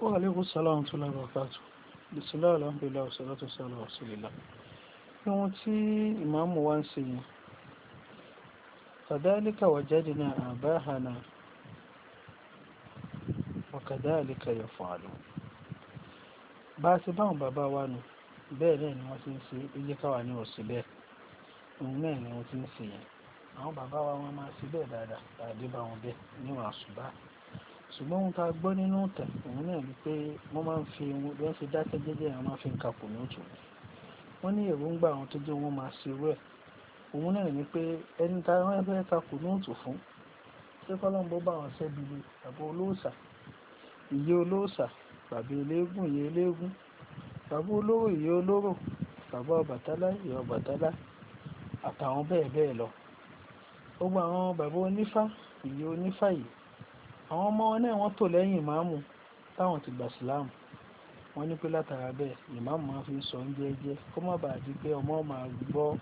Wa alaikum salaam tó lára ọ̀fàtò. Bìsílá alhamdulillah ọ̀sọ̀lá tó sọ̀rọ̀ ọ̀sọ̀lélá. Ohun tí ìmáàmù wa ń ṣe yìí. Kàdálíkà wajadna àbáhànà wàkàdálíkà yaf'alu. Bá a ṣe báwọn bàbá wa nù, bẹ́ẹ̀ náà ni wọ́n ti ń ṣe iye káwà ní òsì Òun náà ni wọ́n ti ń ṣe yẹn. Àwọn bàbá wa wọ́n máa ṣe bẹ́ẹ̀ dáadáa, tàbí wọn bẹ́ẹ̀ níwọ̀n àṣùbá ṣùgbọ́n ohun tá a gbọ́ nínú ìtàn òun náà ni pé wọ́n máa ń fi ohun bí wọ́n ṣe dákẹ́ jẹ́jẹ́ àwọn máa fi ń kapò ní òtún wọ́n ní èròǹgbà àwọn tó jẹ́ wọ́n máa ṣe irú ẹ̀ òun náà ni pé ẹni tá wọ́n fẹ́ kapò ní òtún fún ṣé kọ́lọ́mbó bá wọn ṣẹ́bi ni bàbá olóòṣà ìyé olóòṣà bàbá eléégún ìyé eléégún bàbá olóró ìyé olóró bàbá ọbàtálá ìyé ọbàtálá àtàwọn bẹ́ẹ̀ bẹ́ẹ̀ lọ gbogbo àwọn bàbá onífá ìyé onífá yìí àwọn ọmọ náà wọ́n tò lẹ́yìn ìmáàmù táwọn ti gbà síláàmù wọ́n ní pé látara bẹ́ẹ̀ ìmáàmù máa fi ń sọ ń jẹ́jẹ́ kó má bàa di pé ọmọ máa gbọ́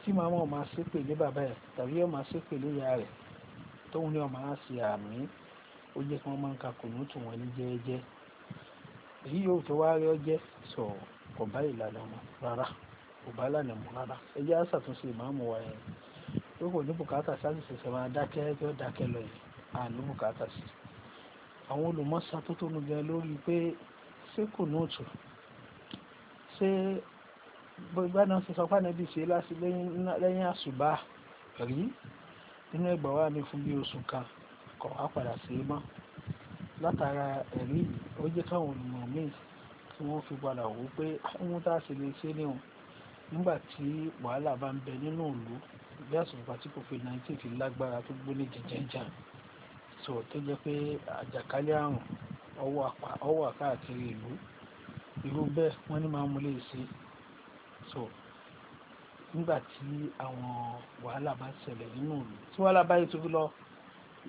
tí màmá máa ṣépè lé bàbá ẹ̀ tàbí ó máa ṣépè lé ìyá rẹ̀ tóun ní ọmọ á ṣe àmì ó jẹ́ kí wọ́n máa ń ka kùnú tù wọ́n ní jẹ́jẹ́ èyí yóò tó wá rí ọjẹ́ sọ kò bá ìlànà mu rárá kò bá ìlànà mu rárá ẹ jẹ́ àṣàtúnṣe ìmáàmù wa yẹn lóko ní bùkátà sáà ti ṣẹ̀ṣẹ̀ máa dákẹ́ ẹjọ́ àní bùkátà sí àwọn olùmọ́sá tó tónu gan lórí pé ṣé kò nóòtù ṣé bá náà ṣe sọ pé ànábì ṣe láti lẹ́yìn àṣùbà rí nínú ẹgbà wa ní fún bí oṣù kan kọ̀ wá padà sí mọ́ látara ẹ̀rí ó jẹ́ káwọn olùmọ̀ míì tí wọ́n fi padà wò pé ohun tá a sì lè ṣe níwọ̀n nígbà tí wàhálà bá ń bẹ nínú ìlú bí àsìkò àti covid-19 fi lágbára tó gbóni jẹjẹrẹ sọ tó jẹ́ pé àjàkálẹ̀ àrùn ó wà káàkiri ìlú irú bẹ́ẹ̀ wọ́n ní máa mú lè ṣe so nígbà tí àwọn wàhálà bá ṣẹlẹ̀ nínú ìlú tí wàhálà bá yìí tó lọ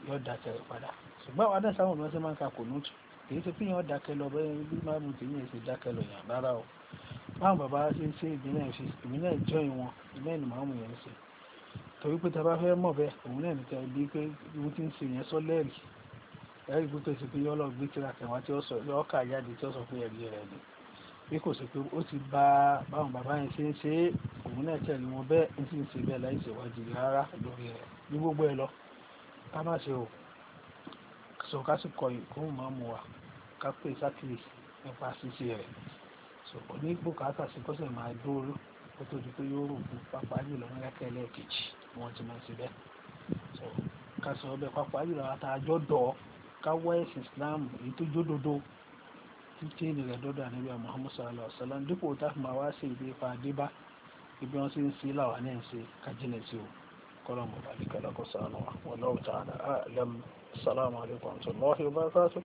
yọ dákẹ́ padà ṣùgbọ́n àwọn adáṣà àwọn ọmọọṣẹ́ máa ń ka kò nútù èyí tó fi yàn dákẹ́ lọ bẹ́ẹ̀ bí máa mú tèmi ẹ̀sìn dákẹ́ lọ yàn rárá o báwọn bàbá ṣe ń ṣe ìbílẹ̀ ìṣe ìbílẹ̀ ìjọyìn wọn ìbílẹ̀ ìnìmọ̀ àwọn èèyàn ń ṣe torí pé tá a bá fẹ́ mọ̀ bẹ́ẹ̀ òun náà níta ibi pé irú tí ń ṣe yẹn sọ lẹ́rìí ẹ̀rí pé pèsè pé yọ́ lọ gbé tíra kẹwà tí ó sọ yọ́ kà jáde tí ó sọ pé ẹ̀rí rẹ̀ ni bí kò sí pé ó ti bá báwọn bàbá yẹn ṣe ń ṣe é òun náà tẹ̀lé wọn bẹ́ẹ̀ ń sì ń ṣe bẹ́ẹ̀ láì ṣèwádìí rárá lórí rẹ̀ ní gbogbo ẹ lọ ká má ṣe o sọ ká sì kọ ìkóhùn máa mú wa ká pè sákìlì nípa ṣíṣe rẹ̀ sọ ní bùkátà sí kọ́sẹ̀ máa dúró kó tó di pé yóò rò fún pápá jùlọ wọn lẹ́kẹ́ lẹ́ẹ̀kejì wọn ti máa ń ṣe bẹ́ẹ̀ so ká sọ ọbẹ̀ pápá jùlọ àtàjọ dọ̀ ká wá ẹ̀sìn Islam èyí tó jó dodo títí ìrìnlẹ̀ dọ́dọ̀ àníbíà Muhammad sallallahu alaihi wa sallam dípò tá a fi máa wá sí ibi ipa àdébá ibi wọn sì ń sí làwa náà ń ṣe kájínlẹ̀ sí o kọ́lọ́mù balẹ̀ kọ́lọ́kọ́ sànù wa wallahu ta'ala